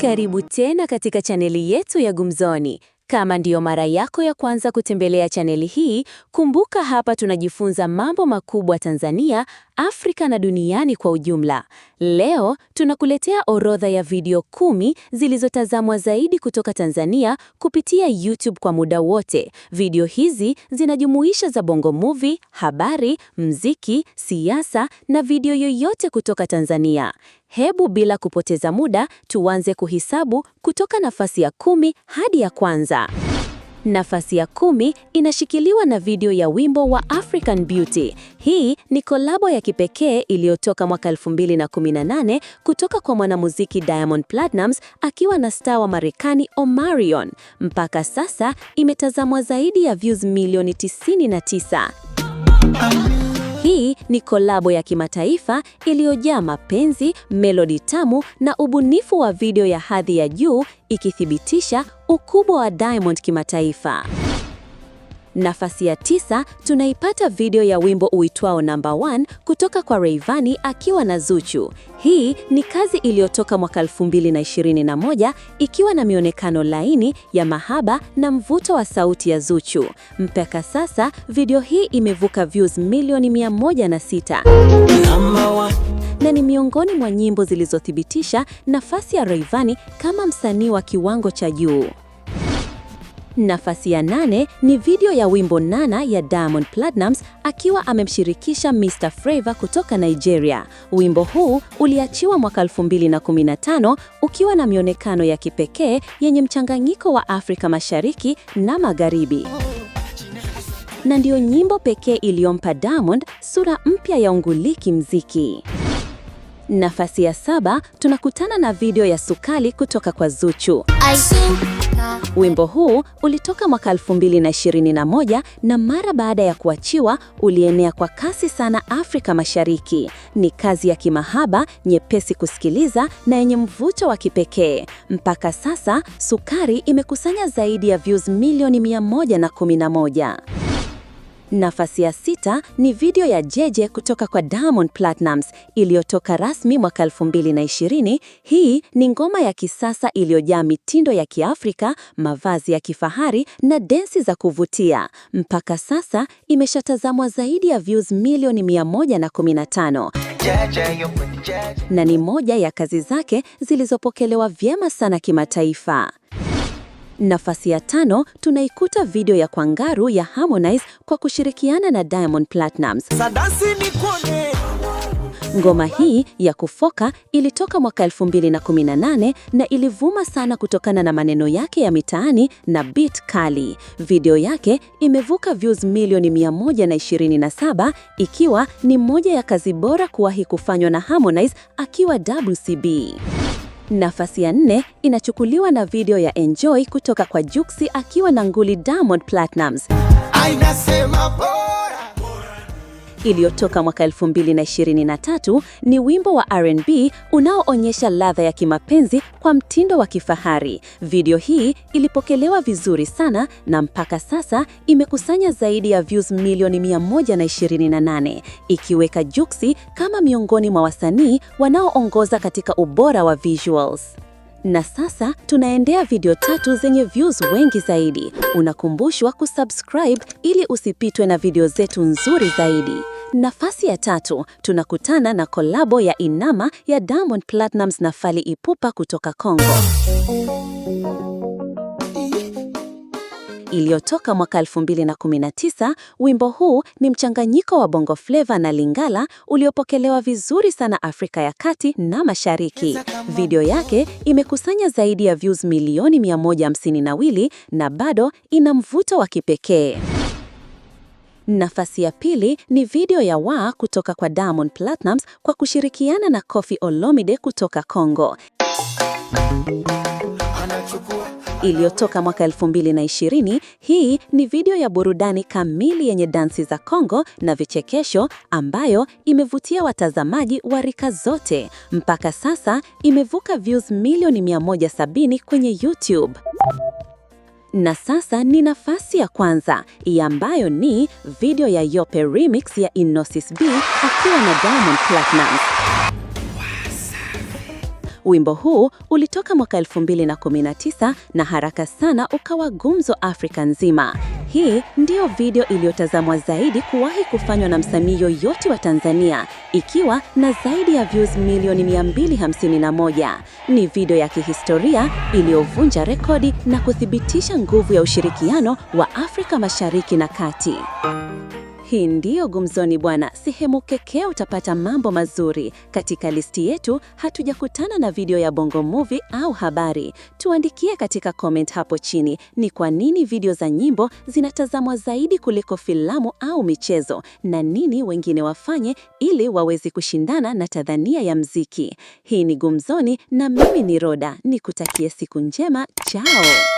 Karibu tena katika chaneli yetu ya Gumzoni. Kama ndiyo mara yako ya kwanza kutembelea chaneli hii, kumbuka hapa tunajifunza mambo makubwa Tanzania, Afrika na duniani kwa ujumla. Leo tunakuletea orodha ya video kumi zilizotazamwa zaidi kutoka Tanzania kupitia YouTube kwa muda wote. Video hizi zinajumuisha za Bongo Movie, habari, mziki, siasa na video yoyote kutoka Tanzania. Hebu bila kupoteza muda tuanze kuhisabu kutoka nafasi ya kumi hadi ya kwanza. Nafasi ya kumi inashikiliwa na video ya wimbo wa African Beauty. Hii ni kolabo ya kipekee iliyotoka mwaka 2018 kutoka kwa mwanamuziki Diamond Platnumz akiwa na star wa Marekani Omarion. Mpaka sasa imetazamwa zaidi ya views milioni 99. Hii ni kolabo ya kimataifa iliyojaa mapenzi, melodi tamu na ubunifu wa video ya hadhi ya juu ikithibitisha ukubwa wa Diamond kimataifa. Nafasi ya tisa tunaipata video ya wimbo uitwao Number One kutoka kwa Rayvanny akiwa na Zuchu. Hii ni kazi iliyotoka mwaka 2021 ikiwa na mionekano laini ya mahaba na mvuto wa sauti ya Zuchu. Mpaka sasa video hii imevuka views milioni 106 na ni miongoni mwa nyimbo zilizothibitisha nafasi ya Rayvanny kama msanii wa kiwango cha juu. Nafasi ya nane ni video ya wimbo Nana ya Diamond Platnumz akiwa amemshirikisha Mr Flavour kutoka Nigeria. Wimbo huu uliachiwa mwaka 2015 ukiwa na mionekano ya kipekee yenye mchanganyiko wa Afrika Mashariki na Magharibi na ndiyo nyimbo pekee iliyompa Diamond sura mpya ya unguliki mziki. Nafasi ya saba tunakutana na video ya Sukali kutoka kwa Zuchu. Wimbo huu ulitoka mwaka 2021 na, na mara baada ya kuachiwa ulienea kwa kasi sana Afrika Mashariki. Ni kazi ya kimahaba, nyepesi kusikiliza na yenye mvuto wa kipekee. Mpaka sasa, Sukari imekusanya zaidi ya views milioni 111. Nafasi ya sita ni video ya Jeje kutoka kwa Diamond Platnumz iliyotoka rasmi mwaka 2020. Hii ni ngoma ya kisasa iliyojaa mitindo ya Kiafrika, mavazi ya kifahari na densi za kuvutia. Mpaka sasa imeshatazamwa zaidi ya views milioni 115 na ni moja ya kazi zake zilizopokelewa vyema sana kimataifa. Nafasi ya tano tunaikuta video ya Kwangaru ya Harmonize kwa kushirikiana na Diamond Platnumz. Ngoma hii ya kufoka ilitoka mwaka 2018 na ilivuma sana kutokana na maneno yake ya mitaani na beat kali. Video yake imevuka views milioni 127 ikiwa ni moja ya kazi bora kuwahi kufanywa na Harmonize akiwa WCB. Nafasi ya nne inachukuliwa na video ya Enjoy kutoka kwa Juksi akiwa na nguli Diamond Platnumz. Ainasema po iliyotoka mwaka 2023 ni wimbo wa R&B unaoonyesha ladha ya kimapenzi kwa mtindo wa kifahari. Video hii ilipokelewa vizuri sana na mpaka sasa imekusanya zaidi ya views milioni 128, ikiweka Juksi kama miongoni mwa wasanii wanaoongoza katika ubora wa visuals. Na sasa tunaendea video tatu zenye views wengi zaidi. Unakumbushwa kusubscribe ili usipitwe na video zetu nzuri zaidi. Nafasi ya tatu tunakutana na kolabo ya Inama ya Diamond Platnumz na Fally Ipupa kutoka Kongo iliyotoka mwaka 2019. Wimbo huu ni mchanganyiko wa bongo fleva na lingala uliopokelewa vizuri sana Afrika ya Kati na Mashariki. Video yake imekusanya zaidi ya views milioni 152 na bado ina mvuto wa kipekee. Nafasi ya pili ni video ya Wa kutoka kwa Diamond Platnumz kwa kushirikiana na Koffi Olomide kutoka Kongo iliyotoka mwaka 2020. Hii ni video ya burudani kamili yenye dansi za Kongo na vichekesho ambayo imevutia watazamaji wa rika zote. Mpaka sasa imevuka views milioni 170 kwenye YouTube. Na sasa ni nafasi ya kwanza ya ambayo ni video ya Yope Remix ya Innosis B akiwa na Diamond Platnumz. Wimbo huu ulitoka mwaka 2019 na, haraka sana ukawa gumzo Afrika nzima. Hii ndiyo video iliyotazamwa zaidi kuwahi kufanywa na msanii yoyote wa Tanzania ikiwa na zaidi ya views milioni 251. Ni video ya kihistoria iliyovunja rekodi na kuthibitisha nguvu ya ushirikiano wa Afrika Mashariki na Kati. Hii ndiyo Gumzoni bwana, sehemu kekee utapata mambo mazuri. Katika listi yetu hatujakutana na video ya Bongo Movie au habari. Tuandikie katika comment hapo chini ni kwa nini video za nyimbo zinatazamwa zaidi kuliko filamu au michezo, na nini wengine wafanye ili wawezi kushindana na tadhania ya mziki. Hii ni Gumzoni na mimi ni Roda, nikutakie siku njema. Chao.